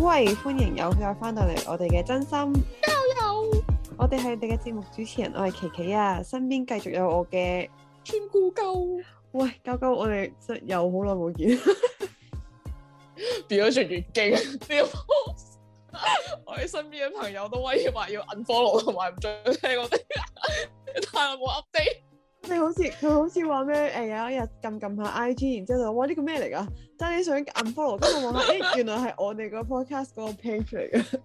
.喂，歡迎又再翻到嚟我哋嘅真心加油！我哋係你哋嘅節目主持人，我係琪琪啊，身邊繼續有我嘅村姑狗。喂，狗狗，我哋又好耐冇見，變咗越嚟越勁。我哋身邊嘅朋友都威脅話要 unfollow 同埋唔再聽我哋，但係太耐冇 update。你好似佢好似話咩？誒，有一日撳撳下 IG，然之後就哇呢個咩嚟㗎？真係想 unfollow，跟住我話誒、 哎，原來係我哋個 podcast 嗰個 page 嚟嘅。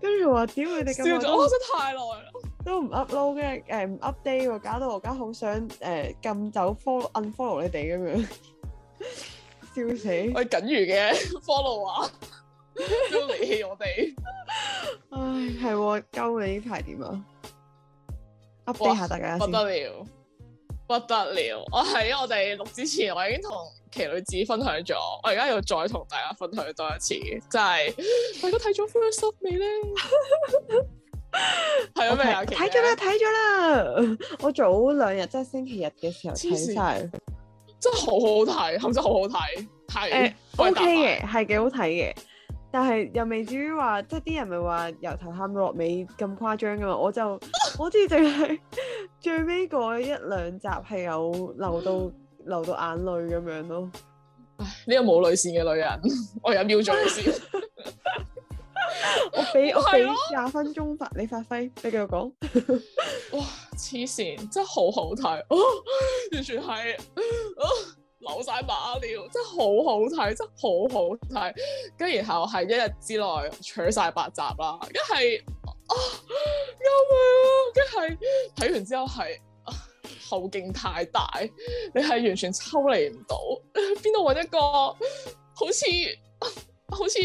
跟住話屌你哋笑咗，我等太耐啦，都唔 upload，跟住誒唔 update，搞到我而家好想誒撳走 follow，unfollow fo 你哋咁樣笑笑，笑死！我係緊如嘅 follow 啊，都離棄我哋。 唉，係喎，咁你呢排點啊？update 下大家先，不得了，不得了！我喺我哋錄之前，我已經同奇女子分享咗，我而家要再同大家分享多一次，就係。我而家睇咗 first 未咧？係啊， 未啊？睇咗啦，睇咗啦！ 我早兩日即係星期日嘅時候睇晒，真係好、欸 okay、好睇，真係好好睇，睇。O K 嘅，係幾好睇嘅，但係又未至於話，即係啲人咪話由頭喊到落尾咁誇張噶嘛？我就。 我好似淨係最尾嗰一兩集係有流到 流到眼淚咁樣咯。唉，呢個冇淚線嘅女人，我有秒鐘先。我俾我俾廿分鐘發你發揮，你繼續講。 哇！黐線，真係好好睇，完全係流晒馬尿，真係好好睇，真係好好睇。跟然後係一日之內取晒八集啦，一係。啊，優啊，梗係睇完之後係後勁太大，你係完全抽離唔到。邊度揾一個好似好似、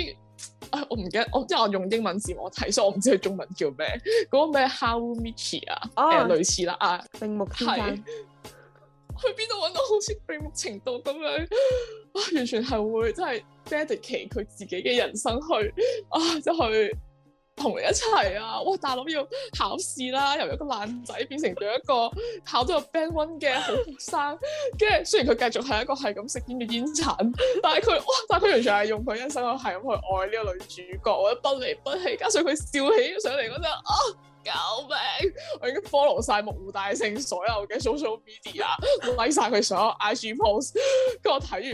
啊、我唔記得，我即係我用英文字幕睇，所以我唔知佢中文叫咩。嗰、那個咩？How Muchy 啊，啊、呃類似？啊，類似啦啊，屏幕係去邊度揾到好似屏幕程度咁樣完全係會真係 dedicate 佢自己嘅人生去啊，即、就、係、是。同你一齊啊！哇！大佬要考試啦，由一個爛仔變成咗一個考到個 Band One 嘅好學生。跟住 雖然佢繼續係一個係咁食煙嘅煙鏟，但係佢哇！但係佢完全係用佢一生去係咁去愛呢個女主角，我不離不棄。加上佢笑起上嚟嗰陣，啊！救命！我已經 follow 晒木戶大聖所有嘅 social media，like 晒佢所有 IG post。跟住 我睇完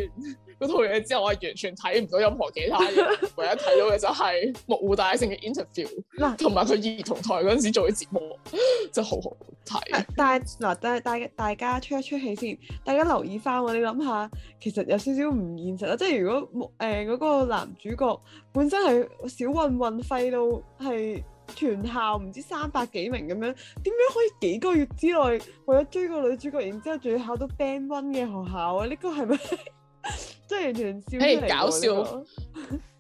嗰套嘢之後，我係完全睇唔到任何其他嘢，唯 一睇到嘅就係木戶大聖嘅 interview， 同埋佢兒童台嗰陣時做嘅節目， 真係好好睇。但係嗱，但係但係大家出一出戲先，大家留意翻，你諗下，其實有少少唔現實啦。即係如果誒嗰、呃嗰個男主角本身係小混混廢到係。全校唔知三百幾名咁樣，點樣可以幾個月之內為咗追個女主角，然之後仲要考到 band one 嘅學校啊？呢、這個係咪即係完全超、hey, 搞笑？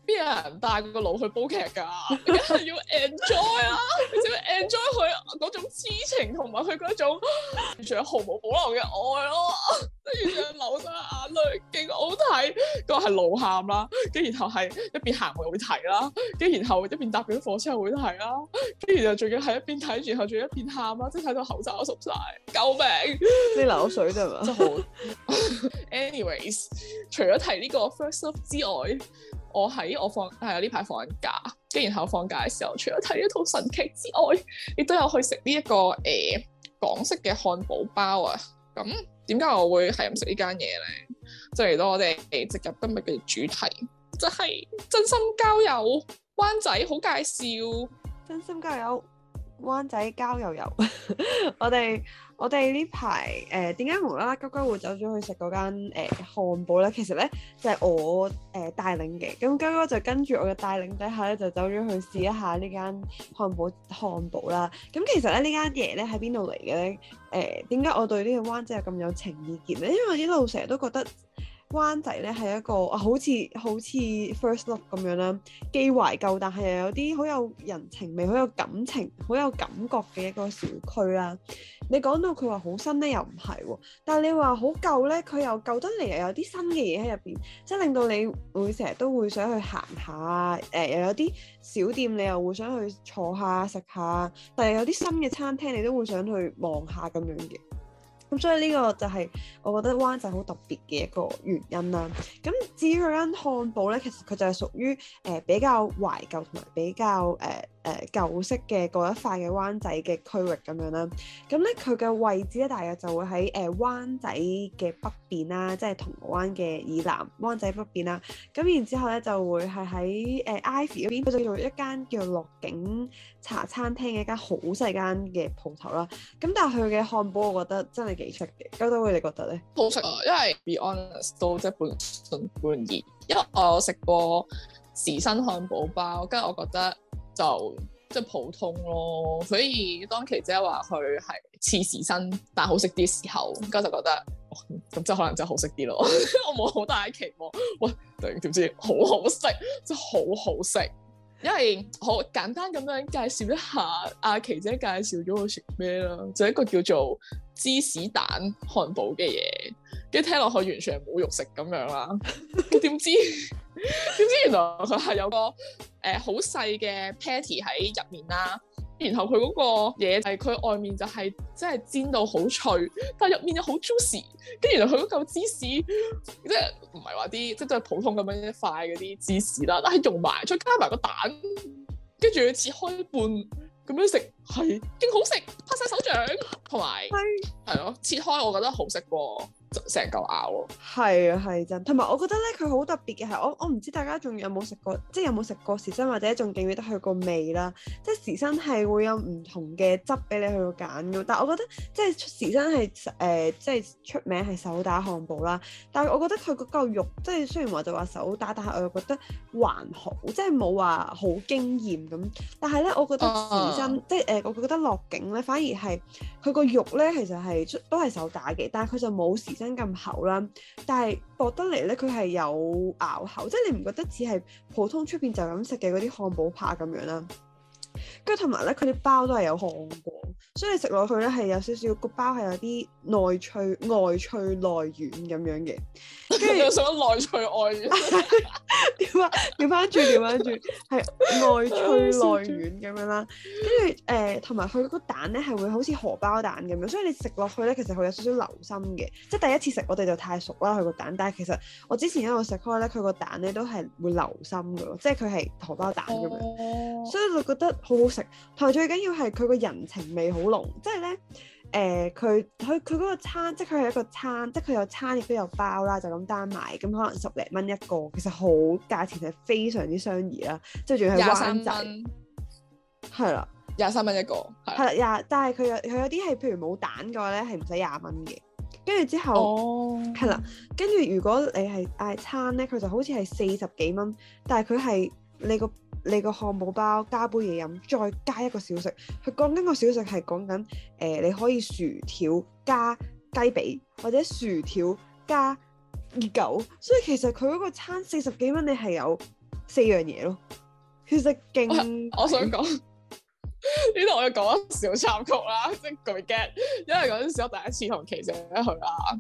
邊、這個、有人帶個腦去煲劇㗎？梗係 要 enjoy 啊！ 要 enjoy 佢嗰種痴情同埋佢嗰種，仲有毫無保留嘅愛咯、啊、～ 係路喊啦，跟住然後係一邊行會睇啦，跟住然後一邊搭緊火車會睇啦，跟然後仲要喺一邊睇，然後仲一邊喊啦，即係睇到口罩都濕晒。救命！你流水啫嘛，真係好。Anyways，除咗睇呢個 First Love 之外，我喺我放係啊呢排放緊假，跟然後放假嘅時候，除咗睇一套神劇之外，亦都有去食呢一個誒、呃、港式嘅漢堡包啊。咁點解我會係唔食呢間嘢咧？就嚟到我哋直入今日嘅主題，就係真心交友，灣仔好介紹。真心交友，灣仔膠遊遊。 我哋我哋、呃呃、呢排誒點解無啦啦，雞哥會走咗去食嗰間誒漢堡咧？其實咧就係、是、我誒、呃、帶領嘅，咁雞哥就跟住我嘅帶領底下咧，就走咗去試一下呢間漢堡漢堡啦。咁其實咧呢間嘢咧喺邊度嚟嘅咧？誒點解我對呢個灣仔又咁有情意結咧？因為一路成日都覺得。灣仔咧係一個啊，好似好似 first love 咁樣啦，既懷舊但係又有啲好有人情味、好有感情、好有感覺嘅一個小區啦。你講到佢話好新咧又唔係喎，但係你話好舊咧，佢又舊得嚟又有啲新嘅嘢喺入邊，即係令到你會成日都會想去行下啊、呃，又有啲小店你又會想去坐下食下，但係有啲新嘅餐廳你都會想去望下咁樣嘅。咁所以呢個就係我覺得灣仔好特別嘅一個原因啦，啊。咁至於嗰間漢堡呢，其實佢就係屬於，呃，比較懷舊同埋比較、呃誒舊式嘅嗰一塊嘅灣仔嘅區域咁樣啦，咁咧佢嘅位置咧，大約就會喺誒、呃、灣仔嘅北邊啦，即係銅鑼灣嘅以南，灣仔北邊啦。咁然之後咧就會係喺誒 Ivy 嗰邊，佢做一間叫落景茶餐廳嘅一間好細間嘅鋪頭啦。咁但係佢嘅漢堡，我覺得真係幾食嘅。究竟你覺得咧？好食啊，因為 be honest 都即係半信半疑，因為我食過時新漢堡包，跟住我覺得，就即係普通咯，所以當琪姐話佢係刺蝟身但好食啲時候，咁就覺得咁即係可能真係好食啲咯。 我冇好大期望，喂點知好好食，真係好好食。因為好簡單咁樣介紹一下，阿、啊、琪姐介紹咗我食咩啦，就係、一個叫做芝士蛋漢堡嘅嘢，跟住聽落去完全冇肉食咁樣啦，點知？ 點知原來佢係有個誒好細嘅 patty 喺入面啦，然後佢嗰個嘢係佢外面就係即係真係煎到好脆，但係入面又好 juicy，跟住原來佢嗰嚿芝士即係唔係話啲即係都係普通咁樣一塊嗰啲芝士啦，但係融埋再加埋個蛋，跟住切開一半咁樣食係勁好食，拍晒手掌，同埋係咯，切開我覺得好食喎。成嚿咬咯，係啊係真，同埋我覺得咧佢好特別嘅係，我我唔知大家仲有冇食過，即係有冇食過時新或者仲記唔記得佢個味啦。即係時新係會有唔同嘅汁俾你去到揀嘅，但係我覺得即係時新係誒即係出名係手打漢堡啦。但係我覺得佢個肉即係雖然話就話手打，但係我又覺得還好，即係冇話好驚豔咁。但係咧，我覺得時新、啊、即係誒、呃，我覺得落景咧反而係佢個肉咧，其實係出都係手打嘅，但係佢就冇時真咁厚啦，但係薄得嚟咧，佢係有咬口，即係你唔覺得只係普通出邊就咁食嘅嗰啲漢堡扒咁樣啦，跟住同埋咧，佢啲包都係有烘過，所以食落去咧係有少少個包係有啲。內脆外脆內軟咁樣嘅，跟住 又想內脆外軟，點 啊？調翻轉，調翻轉，係內脆內軟咁樣啦。跟住誒，同埋佢個蛋咧係會好似荷包蛋咁樣，所以你食落去咧其實佢有少少流心嘅。即係第一次食我哋就太熟啦，佢個蛋。但係其實我之前喺度食開咧，佢個蛋咧都係會流心嘅咯，即係佢係荷包蛋咁樣。Oh. 所以就覺得好好食。同埋最緊要係佢個人情味好濃，即係咧。誒，佢佢佢嗰個餐，即係佢係一個餐，即係佢有餐亦都有包啦，就咁單賣，咁可能十零蚊一個，其實好價錢，係非常之相宜啦。即係仲係灣仔，係啦，廿三蚊一個，係啦廿，但係佢有佢有啲係譬如冇蛋嘅話咧，係唔使廿蚊嘅。跟住之後 oh，係啦，跟住如果你係嗌餐咧，佢就好似係四十幾蚊，但係佢係你個。你個漢堡包加杯嘢飲，再加一個小食。佢講緊個小食係講緊誒，你可以薯條加雞髀或者薯條加熱狗，所以其實佢嗰個餐四十幾蚊，你係有四樣嘢咯。其實勁，我想講呢度我要講小插曲啦，即係巨 get，因為嗰陣時我第一次同琪姐去啦。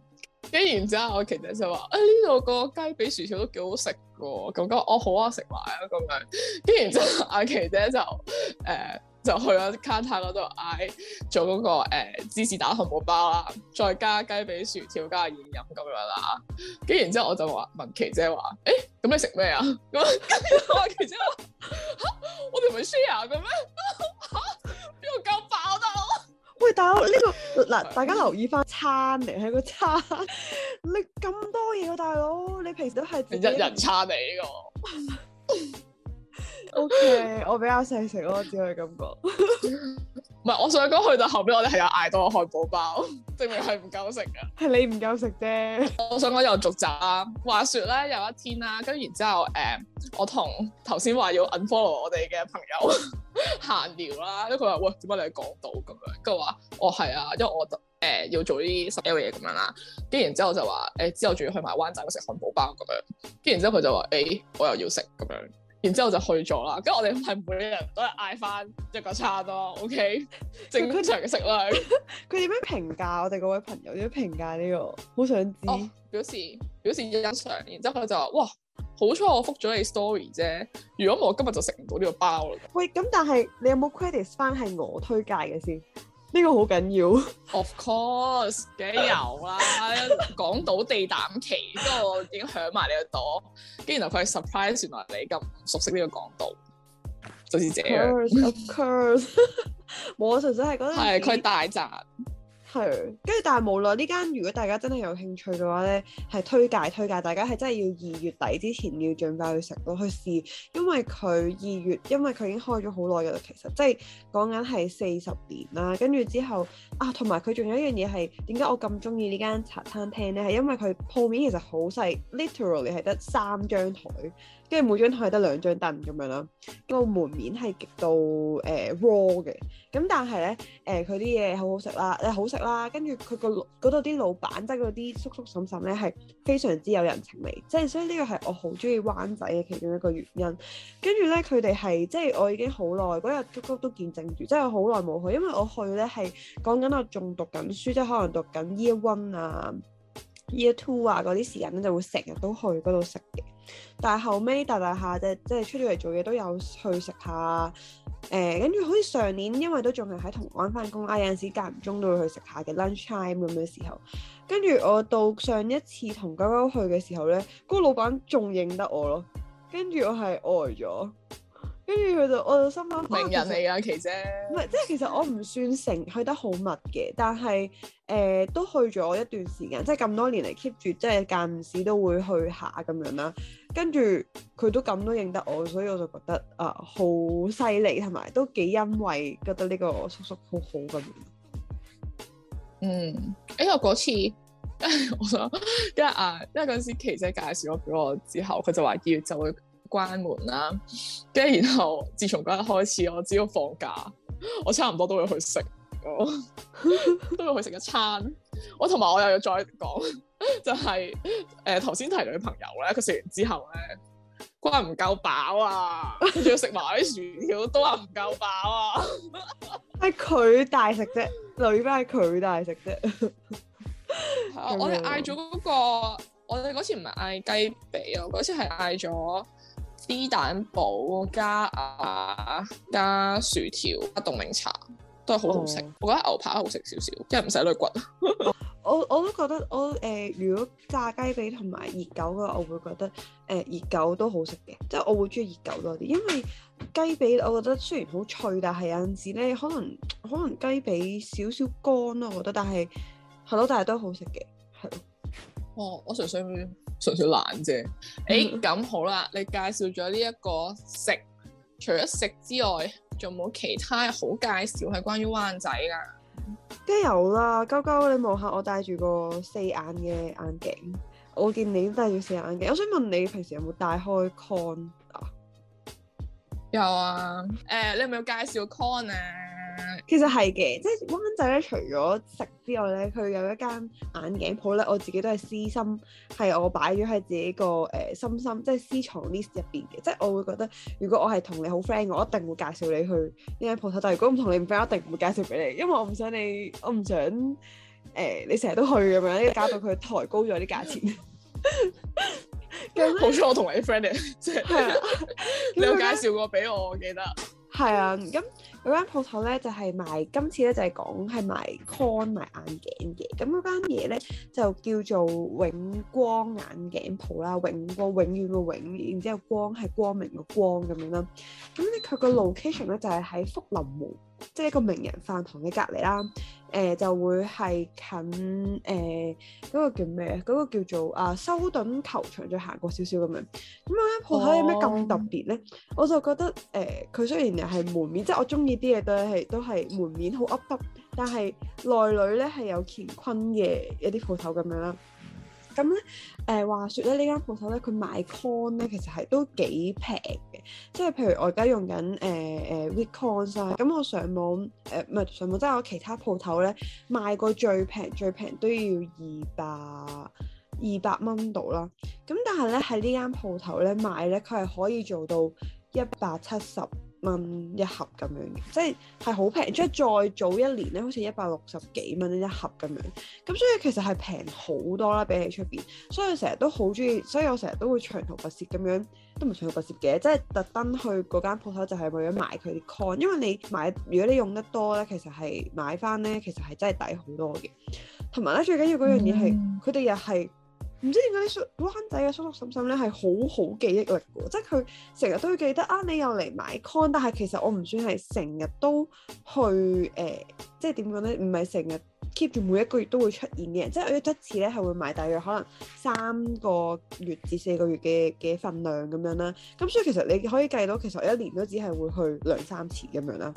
跟然之後，我琪姐就話：誒呢度個雞髀薯條都幾好食㗎，咁講，我、哦、好啊，食埋啊，咁樣。跟然之後，阿琪姐就誒、呃、就去咗卡塔嗰度嗌做嗰、嗰個、呃、芝士蛋漢堡包啦，再加雞髀薯條加現飲咁樣啦。跟然之後，我就話：問琪姐話，誒，咁你食咩啊？咁跟住阿琪姐話：嚇，我哋唔係 share 㗎咩？嚇，邊個夠爆得？」喂，大佬，呢、 呢個嗱，大家留意翻餐嚟，係個餐， 你咁多嘢喎、啊，大佬，你平時都係自己一人餐嚟呢個。 O Okay , K， 我比較細食咯，只可以咁講。唔係，我想講去到後邊，我哋係有嗌到個漢堡包，證明係唔夠食啊。係你唔夠食啫。我想講有續集啦。話說咧，有一天啦，跟然後之後，誒、uh,，我同頭先話要 unfollow 我哋嘅朋友閒 聊啦，跟佢話，喂，點解你喺港島咁樣？跟佢話，我、哦、係啊，因為我誒、呃、要做啲 schedule 嘢咁樣啦。跟然後之後就話，誒、欸，之後仲要去埋灣仔食漢堡包咁樣。跟然後之後佢就話，誒、欸，我又要食咁樣。然之後就去咗啦，跟住我哋係每一人都係嗌翻一個餐咯，OK， 正常嘅食量。佢點樣評價我哋嗰位朋友？點樣評價呢個？好想知、哦。表示表示欣賞，然之後佢就話：哇，好彩我覆咗你 story 啫，如果唔係我今日就食唔到呢個包啦。喂，咁但係你有冇 credit 翻係我推介嘅先？呢個好緊要，of course 梗有啦， 港島地膽期，不過我已經響埋你個朵，跟住然後佢 surprise 原來你咁熟悉呢個港島，就是這樣，of course，, of course. 我啊，純粹係得陣係佢大宅。跟住但係無論呢間，如果大家真係有興趣嘅話咧，係推介推介，推介大家係真係要二月底之前要盡快去食咯，去試，因為佢二月，因為佢已經開咗好耐嘅啦，其實即係講緊係四十年啦。跟住之後啊，同埋佢仲有一樣嘢係點解我咁中意呢間茶餐廳咧？係因為佢鋪面其實好細，literally 係得三張台，跟住每張台係得兩張凳咁樣啦。個門面係極度誒、呃、raw 嘅，咁但係咧，誒佢啲嘢好、呃、好食啦，誒好食啦、啊，跟住佢、嗰個嗰度啲老闆，即係嗰啲叔叔嬸嬸咧，係非常之有人情味，即係所以呢個係我好中意灣仔嘅其中一個原因。跟住咧，佢哋係即係我已經好耐嗰日，都都見證住，即係好耐冇去，因為我去咧係講緊我仲讀緊書，即係可能讀緊 year one 啊、year two 啊嗰啲時間咧，就會成日都去嗰度食嘅。但係後尾大大下即係即係出咗嚟做嘢都有去食下，誒、呃，跟住好似上年因為都仲係喺同安翻工，我、啊、有陣時間唔中都會去食下嘅 lunch time 咁嘅時候，跟住我到上一次同剛剛去嘅時候呢，嗰、那個老闆仲認得我咯，跟住我係呆咗。跟住佢就我就心諗，名人嚟，阿奇姐，唔係即係其實我唔算成去得好密嘅，但係誒、呃、都去咗一段時間，即係咁多年嚟 keep 住，即係間唔時都會去下咁樣啦。跟住佢都咁都認得我，所以我就覺得啊好犀利，同、呃、埋都幾欣慰，覺得呢個叔叔好好咁。嗯、欸我 我，因為嗰次，我想因為啊，因為嗰陣時奇姐介紹咗俾我之後，佢就話要月就會。關門啦、啊，跟住然後，自從嗰日開始，我只要放假，我差唔多都會去食，我 都會去食一餐。我同埋我又要再講，就係誒頭先提女朋友咧，佢食完之後咧，佢話唔夠飽啊，仲 要食埋啲薯條，都話唔夠飽啊。係 佢大食啫，女 by 係佢大食啫。 啊、我哋嗌咗嗰個，我哋嗰次唔係嗌雞髀啊，嗰次係嗌咗。啲蛋堡加啊加薯條加凍檸茶都係好好食，oh. 我覺得牛扒好食少少，即係唔使去骨。 我我都覺得我誒、呃，如果炸雞髀同埋熱狗嘅話，我會覺得誒、呃、熱狗都好食嘅，即、就、係、是、我會中意熱狗多啲，因為雞髀我覺得雖然好脆，但係有陣時咧可能可能雞髀少少乾咯，我覺得，但係係咯，但係都好食嘅。係，oh, 我我純粹。想。純粹懶啫。誒，咁、 欸、好啦，你介紹咗呢一個食，除咗食之外，仲冇其他好介紹係關於灣仔㗎？梗有啦，鳩鳩，你望下我戴住個四眼嘅眼鏡，我見你都戴住四眼眼鏡。我想問你平時有冇戴開 Con 啊？有啊。誒、呃，你有冇要介紹 Con 啊？其實係嘅，即係灣仔咧，除咗食之外咧，佢有一間眼鏡鋪咧，我自己都係私心，係我擺咗喺自己個誒、呃、心心，即係私藏 list 入邊嘅。即係我會覺得，如果我係同你好 friend，我一定會介紹你去呢間鋪頭。但係如果唔同你 friend，一定唔會介紹俾你，因為我唔想你，我唔想誒、呃、你成日都去咁樣，因為搞到佢抬高咗啲價錢。 就是嗯、好彩我同你 friend 嘅，是、啊，即 係你有介紹過俾我，我記得係啊，咁。嗰間鋪頭咧就係、是、賣今次咧就係講係賣 con 賣眼鏡嘅，咁嗰間嘢咧就叫做永光眼鏡鋪啦，永光永遠嘅永，然之後光係光明嘅光咁樣啦。咁咧佢個 location 咧就係、是、喺福臨門。即係一個名人飯堂嘅隔籬啦，誒、呃、就會係近誒嗰、呃，那個叫咩啊？嗰、那個叫做啊，修頓球場再行過少少咁樣，咁啊間鋪頭有咩咁特別咧？Oh. 我就覺得誒，佢、呃、雖然又係門面，即係我中意啲嘢都係都係門面好 up, up 但係內裏咧係有乾坤嘅一啲鋪頭咁樣啦。咁咧，誒、呃、話說咧，呢間鋪頭咧，佢買 con 咧，其實係都幾平嘅。即係譬如我而家用緊誒誒 recon 啊，咁我上網誒唔係上網，即係我其他鋪頭咧賣過最平最平都要二百二百蚊度啦。咁但係咧，喺呢間鋪頭咧買咧，佢係可以做到一百七十。蚊、嗯、一盒咁樣嘅，即係係好平。 即係再早一年咧，好似一百六十幾蚊一盒咁樣。咁所以其實係平好多啦，比起出邊。所以我成日都好中意，所以我成日都會長途跋涉咁樣，都唔長途跋涉嘅，即係特登去嗰間鋪頭，就係為咗買佢啲 con。因為你買，如果你用得多咧，其實係買翻咧，其實係真係抵好多嘅。同埋咧，最緊要嗰樣嘢係，佢哋又係。唔知點解啲叔灣仔嘅叔叔嬸嬸咧係好好記憶力嘅，即係佢成日都要記得啊！你又嚟買 con，但係其實我唔算係成日都去誒、呃，即係點講咧？唔係成日 keep 住每一個月都會出現嘅人，即係有啲一次咧係會買大約可能三個月至四個月嘅嘅分量咁樣啦。咁所以其實你可以計到，其實我一年都只係會去兩三次咁樣啦。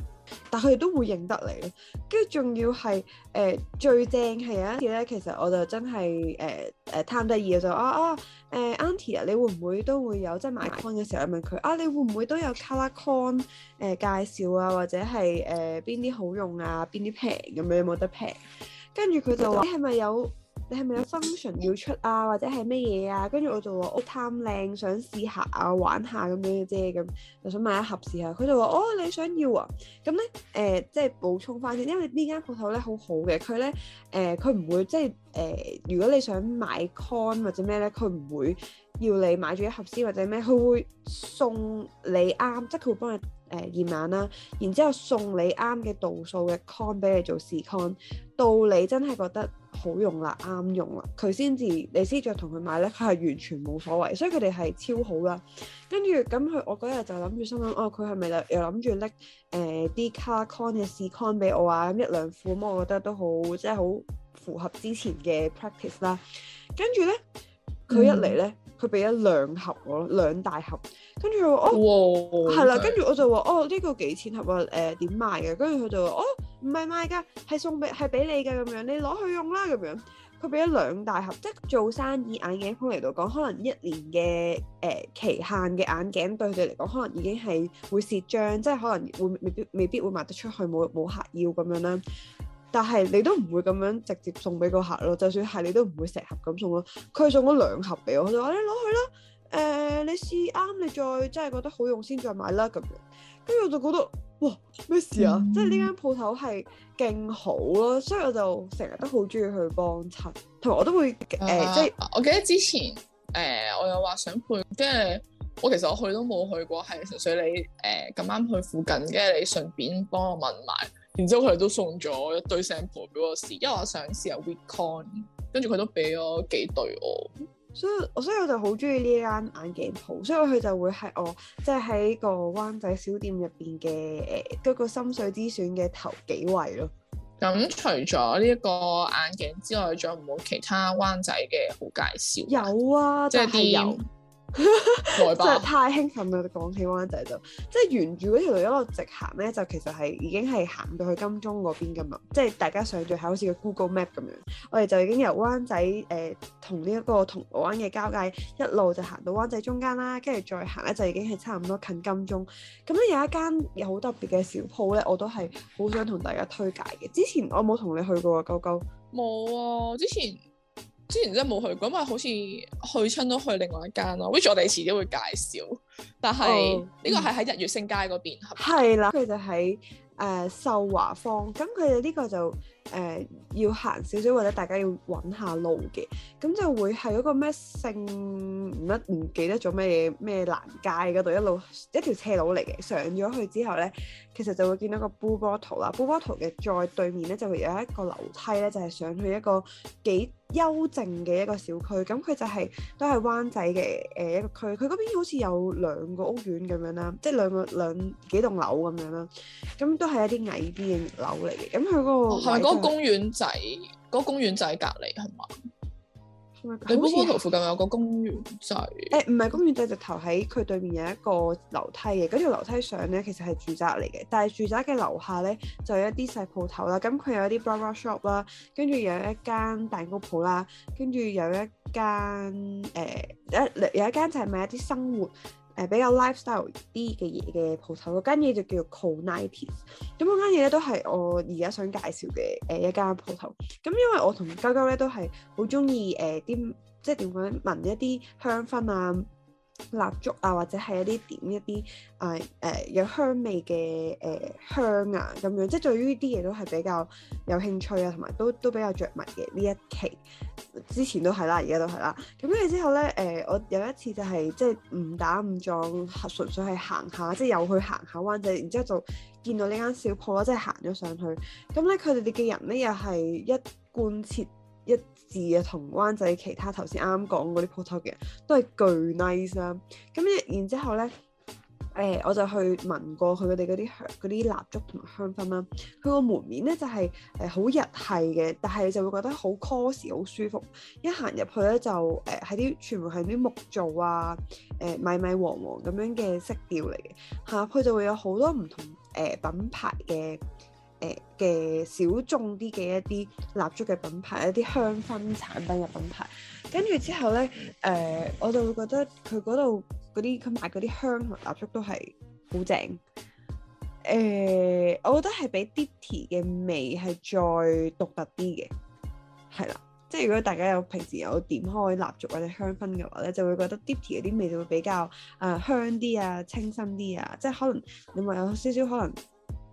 但佢哋都會認得你，跟住仲要係誒、呃、最正係有一次咧，其實我就真係誒誒貪得意嘅就啊啊誒 Auntie 啊，你會唔會都會有即係買 con 嘅時候問佢啊，你會唔會都有 color con 誒、呃、介紹啊，或者係誒邊啲好用啊，邊啲平咁樣有冇得平，跟住佢就話你係咪有？你係咪有 function 要出啊？或者係咩嘢啊？跟住我就話我貪靚想試下啊，玩下咁樣嘅啫，咁就想買一盒試下。佢就話哦，oh, 你想要啊？咁咧誒，即係補充翻先，因為呢間鋪頭咧好好嘅，佢咧誒佢唔會即係誒、呃，如果你想買 con 或者咩咧，佢唔會要你買住一盒先或者咩，佢會送你啱，即係佢會幫你誒驗眼啦，然之後送你啱嘅度數嘅 con 俾你做試 con，到你真係覺得。好用啦，啱用啦，佢先至，你先着同佢買咧，佢係完全冇所謂，所以佢哋係超好啦。跟住咁佢，我嗰日就諗住心諗，哦，佢係咪又又諗住拎誒啲卡 con 嘅試 con 俾我啊？咁一兩副，我覺得都好，即係好符合之前嘅 practice 啦。跟住咧，佢一嚟咧。嗯佢俾咗兩盒我兩大盒，跟住佢話我哦，係啦，跟住我就話哦，呢個幾錢盒啊？誒、呃、點賣嘅？跟住佢就話哦，唔係賣㗎，係送俾係俾你㗎咁樣，你攞去用啦咁樣。佢俾咗兩大盒，即係做生意眼鏡舖嚟到講，可能一年嘅誒、呃、期限嘅眼鏡對佢哋嚟講，可能已經係會蝕賬，即係可能會未必未必會賣得出去，冇冇客要咁樣啦。但係你都唔會咁樣直接送俾個客咯，就算係你都唔會成盒咁送咯。佢送咗兩盒俾我，佢就話、呃，你攞去啦，誒你試啱，你再真係覺得好用先再買啦咁樣。跟住我就覺得哇咩事啊！嗯、即係呢間鋪頭係勁好啦，所以我就成日都好中意去幫襯，同埋我都會誒、呃啊、即係我記得之前誒、呃、我有話想配，即係我其實我去都冇去過，係純粹你誒咁啱去附近，跟住你順便幫我問埋。然之後佢哋都送咗一堆 sample 俾我試，因為我想試下 Weekon，跟住佢都俾咗幾對我，所以我所以我就好中意呢間眼鏡鋪，所以佢就會喺我即係喺個灣仔小店入邊嘅誒嗰個心水之選嘅頭幾位咯。咁除咗呢一個眼鏡之外，仲有冇其他灣仔嘅好介紹？有啊，即係係有。就 太興奮啦！講起灣仔就，即係沿住嗰條路一路直行咧，就其實係已經係行到去金鐘嗰邊㗎嘛。即係大家上住好似個 Google Map 咁樣，我哋就已經由灣仔誒同呢一個銅鑼灣嘅交界一路就行到灣仔中間啦，跟住再行咧就已經係差唔多近金鐘。咁咧有一間有好特別嘅小鋪咧，我都係好想同大家推介嘅。之前我冇同你去過，狗狗。冇啊！之前。之前真係冇去過，因為好似去親都去另外一間咯，which 我哋遲啲會介紹。但係呢個係喺日月星街嗰邊，係啦、哦，佢、嗯、就喺誒、呃、秀華坊。咁佢哋呢個就～誒、呃、要行少少，或者大家要揾下路嘅，咁就會係嗰個咩姓唔得唔記得咗咩嘢咩難街嗰度一路一條斜路嚟嘅，上咗去之後咧，其實就會見到個波波圖啦。波波圖嘅再對面咧就會有一個樓梯咧，就係、是、上去一個幾幽靜嘅一個小區。咁佢就係、是、都係灣仔嘅誒一個區，佢嗰邊好似有兩個屋苑咁樣啦，即係兩個兩幾棟樓咁樣啦，咁都係一啲矮啲嘅樓嚟嘅。咁佢嗰個公園仔，嗰、那個公園仔隔離係嘛？喺波波頭附近有個公園仔。誒、欸，唔係公園仔，直頭喺佢對面有一個樓梯嘅。嗰條樓梯上咧，其實係住宅嚟嘅。但係住宅嘅樓下咧，就有一啲細鋪頭啦。咁佢有一啲 bra bra shop 啦，跟住有一間蛋糕鋪啦，跟住有一間誒一、呃、有一間就係賣一啲生活。誒、呃、比較 lifestyle 啲嘅嘢嘅鋪頭，嗰間嘢就叫 Cool Nights，咁嗰間嘢咧都係我而家想介紹嘅誒、呃、一間鋪頭。咁因為我同鳩鳩咧都係好中意誒啲，即係點樣聞一啲香薰啊～蠟燭啊，或者係一啲點一啲誒誒有香味嘅誒、呃、香啊，咁樣即係對於呢啲嘢都係比較有興趣啊，同埋都都比較着迷嘅，呢一期之前都係啦，而家都係啦。咁跟住之後咧，誒、呃、我有一次就係、是、即係誤打誤撞，純粹係行下，即係又去行下灣仔，然之後就見到呢間小鋪囉，即係行咗上去。咁咧佢哋哋嘅人咧又係一貫切。一致啊，同灣仔其他頭先啱啱講嗰啲鋪頭嘅人都係巨 nice 啦。咁咧，然之後咧，誒、呃、我就去聞過佢哋嗰啲香、啲蠟燭同埋香薰啦。佢個門面咧就係誒好日系嘅，但係就會覺得好 cosy、好舒服。一行入去咧就誒係啲全部係啲木造啊、誒米米黃黃咁樣嘅色調嚟嘅。入、啊、去就會有好多唔同誒、呃、品牌嘅。誒嘅小眾啲嘅一啲蠟燭嘅品牌，一啲香薰產品嘅品牌，跟住之後咧，誒、呃、我就會覺得佢嗰度嗰啲佢賣嗰啲香同蠟燭都係好正。誒、呃，我覺得係比 Dipti 嘅味係再獨特啲嘅，係啦。即係如果大家有平時有點開蠟燭或者香薰嘅話咧，就會覺得 Dipti 嗰啲味道會比較誒、呃、香啲啊、清新啲啊。即係可能你咪有少少可能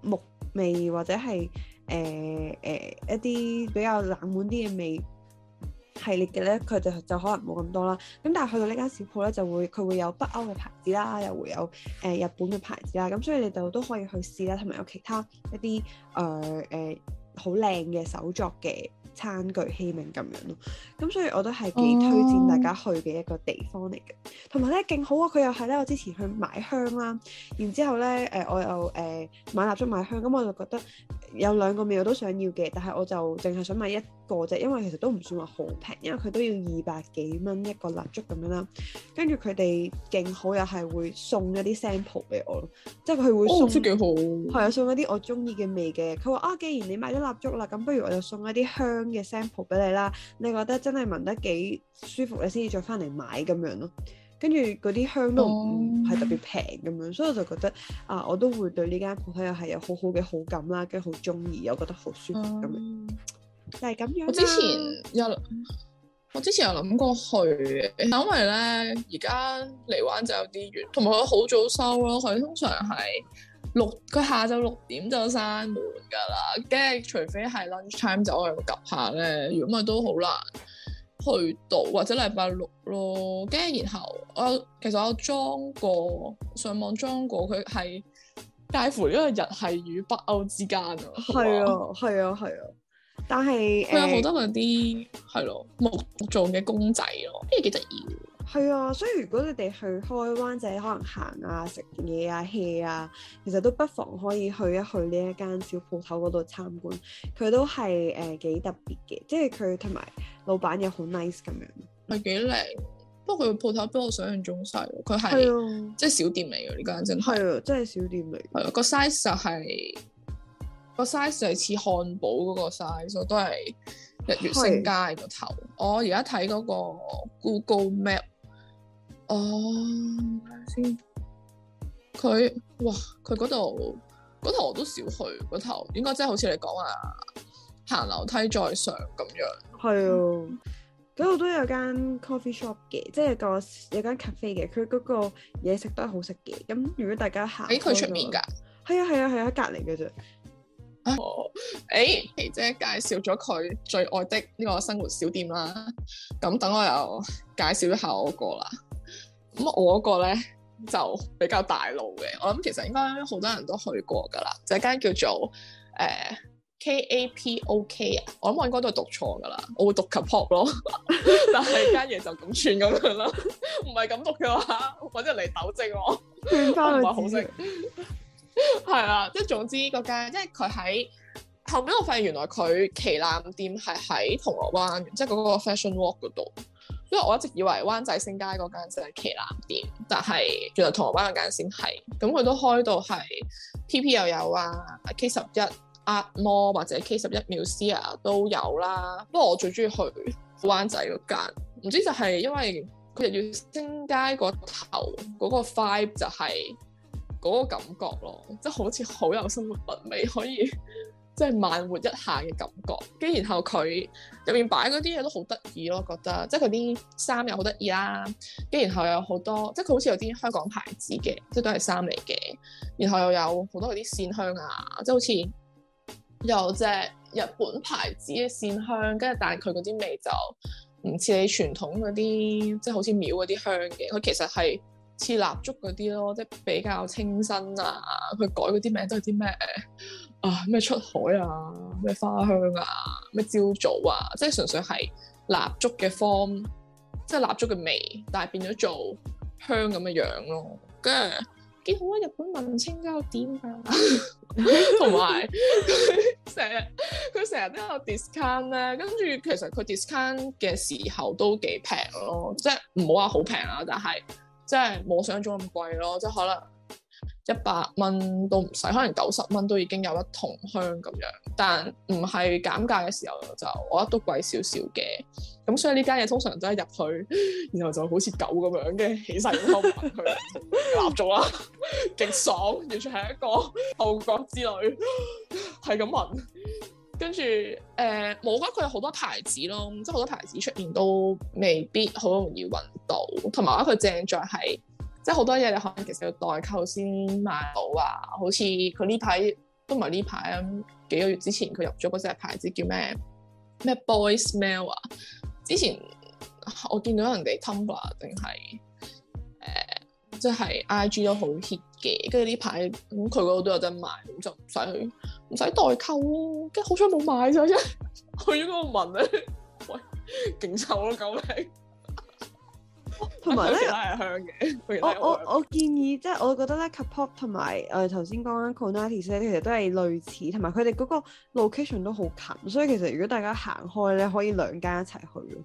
木。味或者係誒誒一啲比較冷門啲嘅味系列嘅咧，佢就就可能冇咁多啦。咁但係去到呢間小鋪咧，就會佢會有北歐嘅牌子啦，又會有誒、呃、日本嘅牌子啦。咁所以你哋都，都可以去試啦，同埋有其他一啲誒誒好靚嘅手作嘅餐具器皿咁樣咯，咁所以我都係幾推薦大家去嘅一個地方嚟嘅，同埋咧勁好啊！佢又係咧我之前去買香啦，然之後咧誒、呃、我又誒、呃、買蠟燭買香，咁、嗯、我就覺得。有兩個味我都想要嘅，但係我就淨係想買一個啫，因為其實都唔算話好平，因為佢都要二百幾蚊一個蠟燭咁樣啦。跟住佢哋勁好又係會送一啲 sample 俾我咯，即係佢會送、哦、幾好，係呀，送一啲我中意嘅味嘅。佢話啊，既然你買咗蠟燭啦，咁不如我就送一啲香嘅 sample 俾你啦。你覺得真係聞得幾舒服，你先至再翻嚟買咁樣咯。跟住嗰啲香都唔係特別平咁樣，嗯、所以我就覺得啊，我都會對呢間鋪頭又係有好好嘅好感啦，跟住好中意，又覺得好舒服咁。但係咁樣。我之前有，我之前有諗過去，但因為咧而家離灣就有啲遠，同埋佢好早收咯，佢通常係六，佢下晝六點就閂門噶啦，跟住除非係 lunch time 就可以夾下咧，如果唔係都好難。去到或者禮拜六咯，跟住然後我、呃、其實我有裝過上網裝過，佢係介乎呢個日係與北歐之間啊，係吧啊係啊係啊，但係佢有好多嗰啲係咯木造嘅公仔咯，跟住幾得意喎。係啊，所以如果你哋去開灣仔，可能行啊、食嘢啊、hea 啊，其實都不妨可以去一去呢一間小鋪頭嗰度參觀。佢都係誒幾特別嘅，即係佢同埋老闆又好 nice 咁樣。係幾靚，不過佢鋪頭比我想象中細，佢係即係小店嚟㗎呢間真係。係啊，真係小店嚟。係咯、啊，個 size 就係個 size 就係似漢堡嗰個 size，都係日月星街個頭。是我而家睇嗰個 Google Map。哦，睇下、uh, 先。佢哇，佢嗰度嗰頭我都少去嗰頭，應該真係好似你講啊，行樓梯再上咁樣。係啊的，嗰度都有間 coffee shop 嘅，即係個有間 cafe 嘅。佢嗰個嘢食都係好食嘅。咁如果大家行，喺佢出面㗎，係啊係啊係啊，隔離嘅啫。哦，誒，琪、uh, 欸、姐介紹咗佢最愛的呢個生活小店啦。咁等我又介紹一下我個啦。咁我嗰個咧就比較大路嘅，我諗其實應該好多人都去過噶啦，就是、一間叫做誒 KAPOK 啊，呃 K A P O、K, 我諗我應該都讀錯噶啦，我會讀 K-pop 咯，但係間嘢就咁串咁樣啦，唔係咁讀嘅話，或者嚟糾正我，唔係好識。係 啊，即係總之個間，即係佢喺後邊，我發現原來佢旗艦店係喺銅鑼灣，即係嗰個 Fashion Walk 嗰度。因為我一直以為灣仔星街嗰間就係旗艦店，但係原來銅鑼灣嗰間先係。咁佢都開到係 PP 又有啊 K 十一、Art Mall 或者 K 十一 Musea 都有啦、啊。不過我最中意去灣仔嗰間，唔知就係因為佢要星街頭、嗰個頭嗰個 vibe 就係嗰個感覺咯，即、就、係、是、好似好有生活品味可以。 即係慢活一下嘅感覺，跟然後佢入面擺嗰啲嘢都好得意咯，我覺得即係佢啲衫又好得意啦，跟然後有好多，即係佢好似有啲香港牌子嘅，即係都係衫嚟嘅，然後又有好多嗰啲線香啊，即係好似有隻日本牌子嘅線香，跟住但係佢嗰啲味就唔似你傳統嗰啲，即係好似廟嗰啲香嘅，佢其實係似蠟燭嗰啲咯，即係比較清新啊。佢改嗰啲名都係啲咩？啊咩出海，啊咩花香，啊咩朝早啊，即係純粹係蠟燭嘅 form，即係蠟燭嘅味，但係變咗做香咁嘅樣咯。跟住幾好啊，日本文青都、啊、 有點㗎？同埋成日佢成日都有 discount 咧，跟住其實佢 discount 嘅時候都幾平咯，即係唔好話好平啊，但係即係冇想中咁貴咯，即係可能。一百蚊都唔使，可能九十蚊都已經有一桶香咁樣。但唔係減價嘅時候就，我覺得都貴少少嘅。咁所以呢間嘢通常都係入去，然後就好似狗咁樣嘅起曬個胸聞佢， 立咗啦，極爽，完全係一個後覺之旅。係咁聞。跟住誒，冇、呃、啊！佢有好多牌子咯，即係好多牌子出面都未必好容易揾到。同埋啊，佢正在係。即係好多嘢你可能其實要代購先買到啊！好似佢呢排都唔係呢排啊，幾個月之前佢入咗嗰隻牌子叫咩咩 Boy Smell 啊！之前我見到人哋 Tumblr 定係誒，即、呃、係、就是、IG 都好 hit 嘅，跟住呢排咁佢嗰度都有得賣，就唔使去，唔使代購、啊。跟住好彩冇買咗、啊，啫。因為我應該問你，喂，勁臭咯，救命！同埋咧，都係香嘅。啊、呢我我我，我建議，即係我覺得咧，K-pop 同埋誒頭先講緊 Kolnatis 咧，呃 K、s，其實都係類似，同埋佢哋嗰個 location 都好近，所以其實如果大家行開咧，可以兩間一齊去。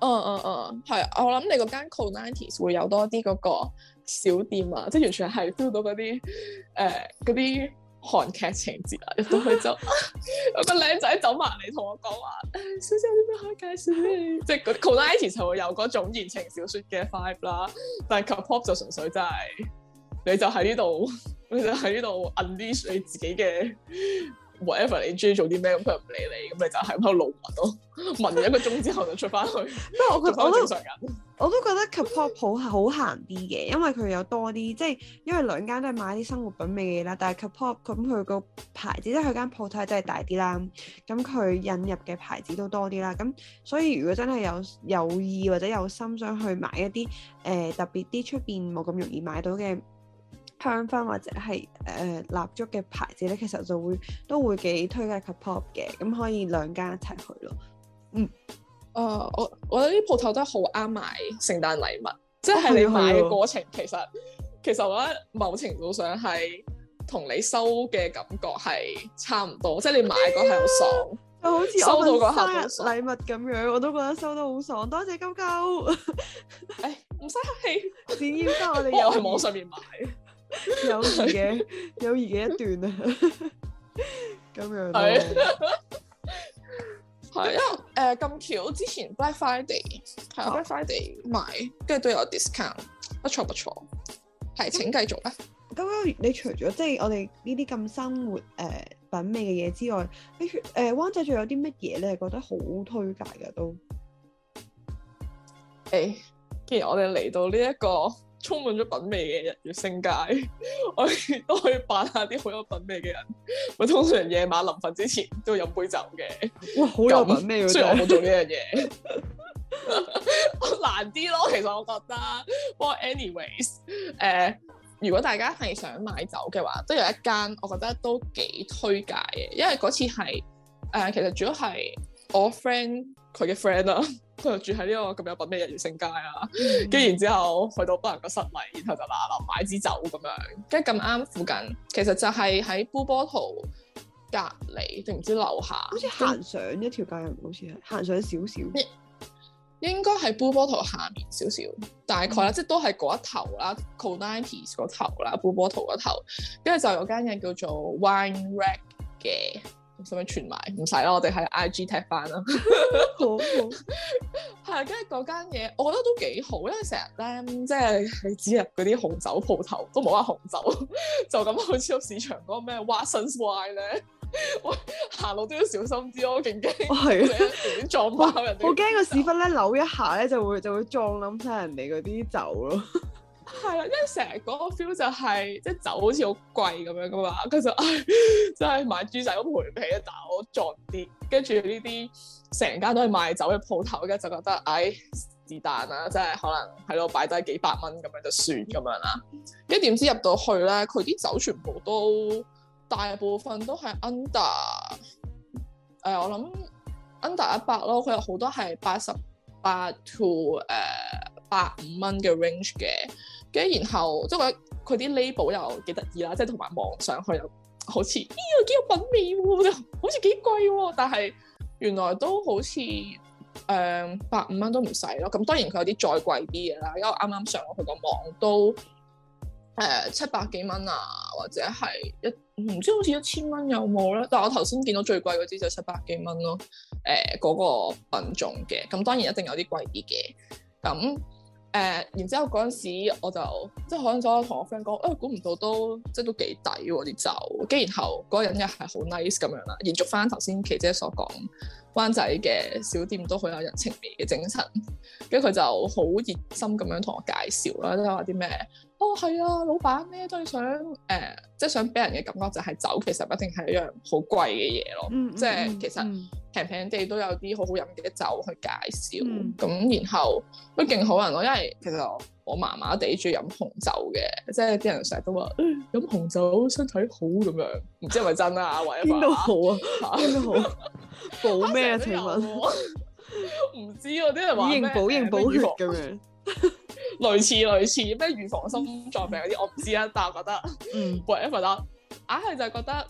嗯嗯嗯，係。我諗你嗰間 Kolnatis 會有多啲嗰個小店啊，即、就、係、是、完全係 feel 到嗰啲誒嗰啲。呃韓劇情節啊，入到去就 有個靚仔走埋嚟同我講話，小姐 有啲咩可以介紹你！即係 Collins 就會有嗰種言情小説嘅 five 啦，但係 K-pop 就純粹真係，你就喺呢度，你就喺呢度 unleash 你自己嘅。whatever 你中意做啲咩，咁佢又唔理你，咁你就係咁度攞文咯，聞完一個鐘之後就出翻去。 不過我覺得我都，我都覺得 Kapok 好好行啲嘅，因為佢有多啲，即係因為兩間都係買啲生活品味嘅嘢啦。但係 Kapok 咁佢個牌子即係佢間鋪頭真係大啲啦，咁佢引入嘅牌子都多啲啦。咁所以如果真係有有意或者有心想去買一啲誒、呃、特別啲出邊冇咁容易買到嘅。香氛或者係誒、呃、蠟燭嘅牌子咧，其實就會都會幾推介佢 pop 嘅，咁可以兩間一齊去咯。嗯，啊、uh,，我我覺得啲鋪頭都好啱買聖誕禮物，即係你買嘅過程 其實其實我覺得某程度上係同你收嘅感覺係差唔多，即係 你買個係好爽，就好似收到個禮物咁樣，我都覺得收得好爽，多謝鳩鳩。誒，唔使客氣，點 要得？我哋又去網上面買。友誼嘅友誼嘅一段啊，咁樣咯，係啊， 誒，咁巧之前 Black Friday 係 啊，Black Friday 買，跟住都有 discount，不錯不錯，係，請繼續啦。咁樣，你除咗即係我哋呢啲咁生活誒、呃、品味嘅嘢之外，你如誒，灣仔仲有啲乜嘢咧？覺得好推介嘅都，誒、欸，既然我哋嚟到呢、這、一個。充滿咗品味嘅日月星街， 我都可以扮下啲好有品味嘅人。我 通常夜晚臨瞓之前都飲杯酒嘅。哇，好有品味，所以 我好做呢樣嘢。難啲咯，其實我覺得。不過 ，anyways，誒、呃，如果大家係想買酒嘅話，都有一間我覺得都幾推介嘅，因為嗰次係誒、呃，其實主要係我 friend。佢嘅 friend 啊，佢就住喺呢個咁有品味嘅日月星街啊，跟住 然之後去到不能夠失禮，然後就嗱嗱買支酒咁樣，跟住咁啱附近其實就係喺 Blue Bottle 隔離定唔知樓下，好似行上，上一條街，好似行上少少，應該喺 Blue Bottle 下面少少，嗯、大概啦，即係都係嗰一頭啦、嗯、Co Nineties 嗰頭啦，Blue Bottle 嗰頭，跟住就有嗰間嘢叫做 Wine Rack 嘅。想咩傳埋唔使咯，我哋喺 I G 踢翻啦。好，係、 嗯，跟住嗰間嘢，我覺得都幾好，因為成日咧，即係去指入嗰啲紅酒鋪頭，都冇好話紅酒， 就咁去超市場嗰個咩 Watsons Wine 咧，it, 行路都要小心啲咯，勁驚。我係啊，小心 撞爆人哋？ 我驚個屎忽咧扭一下咧，就會就會撞冧晒人哋嗰啲酒咯。 係啦，因為成日嗰個 feel 就係、是、即係酒好似好貴咁樣噶嘛，佢就唉，真係買豬仔咁肥皮，但係我撞啲，跟住呢啲成間都係賣酒嘅鋪頭，嘅，就覺得唉，是但啦，即係可能係咯擺低幾百蚊咁樣就算咁樣啦。跟住點知入到去咧，佢啲酒全部都大部分都係 under 誒、呃，我諗 under 一百咯，佢有好多係八十、八到誒八五蚊嘅 range 嘅。跟住然後，即係覺得佢啲 label 又幾得意啦，即係同埋望上去又好似，哎呀幾有品味喎，好似幾貴喎，但係原來都好似誒百五蚊都唔使咯。咁、呃、當然佢有啲再貴啲嘅啦，因為啱啱上咗去個網都誒七百幾蚊啊，或者係一唔知好似一千蚊有冇啦。但係我頭先見到最貴嗰支就七百幾蚊咯，誒、呃、嗰、嗰個品種嘅。咁當然一定有啲貴啲嘅，咁、嗯。誒，uh, 然之後嗰陣時我就即係可能有同我 friend 講，誒，估唔到都即係都幾抵喎啲酒，跟然後嗰人又係好 nice 咁樣啦。延續翻頭先琪姐所講，灣仔嘅小店都好有人情味嘅精神，跟住佢就好熱心咁樣同我介紹啦，都有話啲咩？哦，係啊、喔，老闆咧都係想，誒、呃，即係想俾人嘅感覺就係酒其實定一定係一樣好貴嘅嘢咯，即係、嗯嗯嗯嗯嗯、其實平平地都有啲好好飲嘅酒去介紹，咁、嗯、然後都勁好人咯，因為其實我麻麻地中意飲紅酒嘅，即係啲人成日都話，嗯，飲紅酒身體好咁樣，唔知係咪真啊？維一寶，邊度好啊？邊度好？補咩啊？提問？唔知啊，啲人話補形補血咁樣。類似類似，咩預防心臟病嗰啲我唔知啊， 但我覺得，嗯我係覺得，硬係就係覺得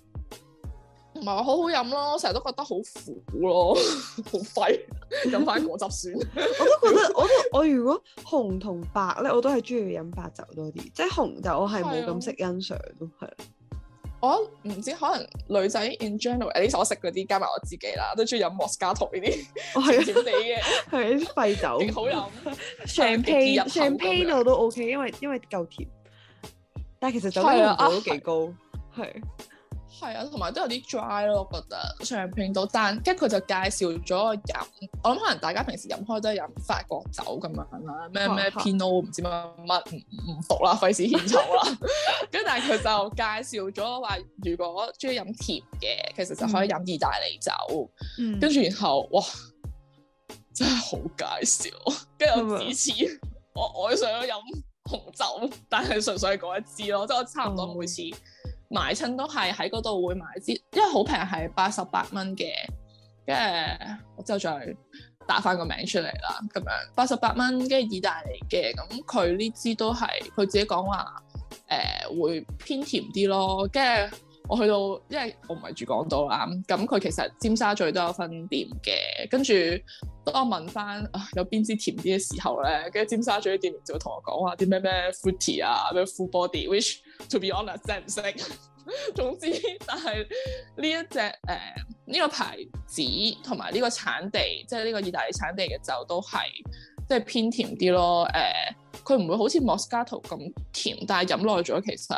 唔係話好好飲咯，成日都覺得好苦咯，好廢，飲翻果汁算。我都覺得，我都我如果紅同白咧，我都係中意飲白酒多啲，即係紅酒我係冇咁識欣賞咯，係的。我唔知，可能女仔 in general，啲所食嗰啲加埋我自己啦，都中意飲 moscato 呢啲甜哋嘅，係啲廢酒，好飲 檳，成瓶成 pan 都 OK，因為因為夠甜，但係其實酒精度都幾高，係、啊。對係啊，同埋都有啲 dry 咯，我覺得上片到，但跟住佢就介紹咗飲，我諗可能大家平時飲開都係飲法國酒咁樣啦，咩咩 Pinot 唔知乜乜唔唔熟啦，費事獻醜啦。跟住 但係佢就介紹咗話，如果中意飲甜嘅，其實就可以飲意大利酒。跟住、嗯、然後，然後哇，真係好介紹，跟住我次次。我 我想飲紅酒，但係純粹係嗰一支咯，即係我差唔多每次。買親都係喺嗰度會買支，因為好平，係八十八蚊嘅。跟住我之後再打翻個名出嚟啦，咁樣八十八蚊，跟住意大利嘅，咁佢呢支都係佢自己講話，誒、呃、會偏甜啲咯。跟住我去到，因為我唔係住港島啦，咁佢其實尖沙咀都有分店嘅。跟住當我問翻啊有邊支甜啲嘅時候咧，跟住尖沙咀啲店員就會同我講話啲咩咩 fruity 啊，咩 full body which。To be honest，識唔識？總之，但係呢一隻誒呢、呃呢個牌子同埋呢個產地，即係呢個意大利產地嘅酒都係即係偏甜啲咯。誒、呃，佢唔會好似 Moscato 咁甜，但係飲耐咗其實，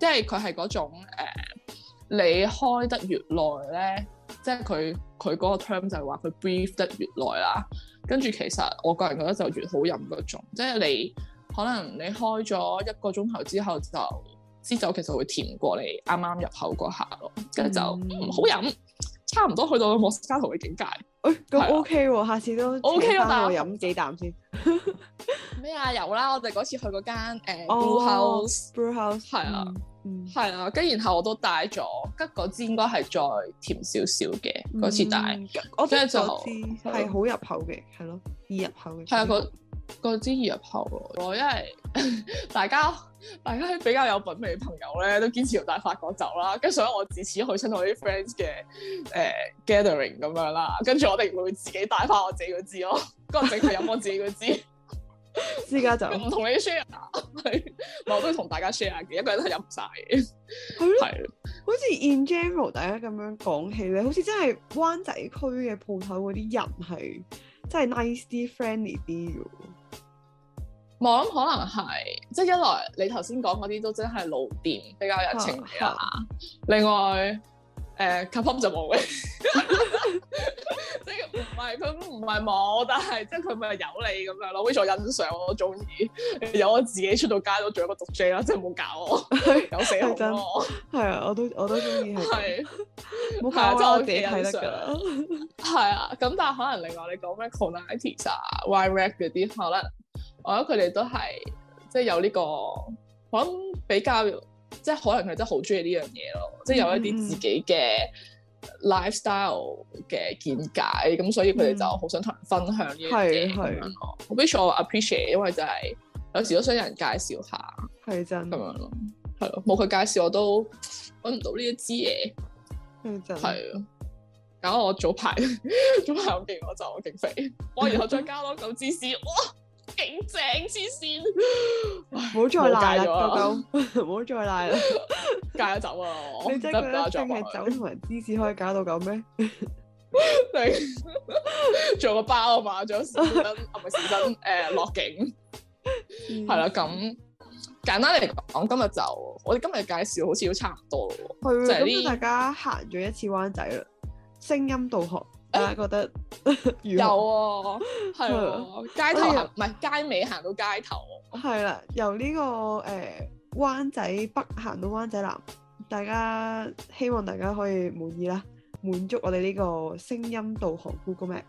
即係佢係嗰種、呃、你開得越耐咧，即係佢佢嗰個 term 就係話佢 breathe 得越耐啦。跟住其實我個人覺得就越好飲嗰種，即係你。可能你開咗一個鐘頭之後，就支酒其實會甜過你啱啱入口嗰下咯，跟住就唔好飲，差唔多去到莫斯加圖嘅境界。誒，咁 OK 喎，下次都 O K 咯，但我飲幾啖先。咩啊？有啦，我哋嗰次去嗰間誒 Blue House Blue House，係啊，係啊，跟嗰然後我都帶咗，跟支應該係再甜少少嘅嗰次帶，我即係就係好入口嘅，係咯，易入口嘅。嗰支而入後來，我因為大家大家比較有品味嘅朋友咧，都堅持要帶法國酒啦。跟住所以我自此去親我啲 friends 嘅誒 gathering 咁樣啦。跟住、呃、我哋會自己帶翻我自己嗰支咯，嗰陣淨係飲我自己嗰支。依家就唔同你 share，咪我都要同大家 share 嘅，一個人都飲唔曬嘅。係咯，好似 in general 大家咁樣講起咧，好似真係灣仔區嘅鋪頭嗰啲人係真係 nice 啲、friendly 啲冇，諗可能係，即係一來你頭先講嗰啲都真係老店比較有情味啊。 另外，誒、欸、c 就冇嘅， 即係唔係佢唔係冇，但係即係佢咪有你咁樣咯。Which 我欣賞，我中意，有我，我自己出到街都做一個毒 J 啦，即係冇搞我，有死好我 真。係啊，我都我都中意係，冇錯 是，真係 我嘅欣賞。係啊， 咁 但係可能另外你講咩 couplets 啊，wine rack 嗰啲可能。我覺得佢哋都係即係有呢、這個，我諗比較即係可能佢真係好中意呢樣嘢咯，嗯、即係有一啲自己嘅 lifestyle 嘅見解，咁、嗯、所以佢哋就好想同人分享呢樣嘢咯。好，至少我、I、appreciate，因為就係有時都想有人介紹下，係真咁樣咯，係咯，冇佢介紹我都揾唔到呢一支嘢，係咯。搞我早排， 早排我見我就勁肥，哇、 哦！然後再加多九芝士。哇！整正黐線，唔好再拉啦，狗狗，唔好再拉啦， 戒咗酒啊！ 你真係淨係酒同埋芝士可以搞到咁咩？嗯、 做個包啊嘛，做屎真啊咪係屎真誒落景係啦。咁簡單嚟講，今日就我哋今日嘅介紹好似都差唔多咯，就係咁，嗯、大家行咗一次灣仔啦，聲音導航。大家覺得、哎、有啊，係、啊、 街頭唔係、哎、呀街尾行到街頭。係啦，由呢、這個誒、呃、灣仔北行到灣仔南，大家希望大家可以滿意啦，滿足我哋呢個聲音導航 Google Map。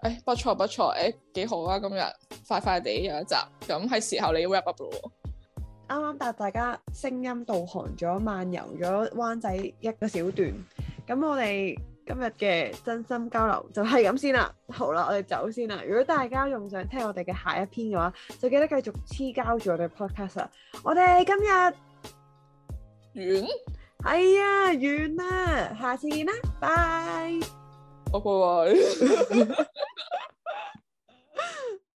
誒不錯不錯，誒、哎、幾好啊！今日快快地有一集，咁係時候你要 wrap up 啦喎。啱啱帶大家聲音導航咗漫遊咗灣仔一個小段，咁我哋。今日嘅真心交流就係咁先啦。好啦，我哋走先啦。如果大家用上聽我哋嘅下一篇嘅話，就記得繼續黐膠住我哋 Podcast 啦。我哋今日完係啊、哎，完啦，下次見啦，拜。拜拜。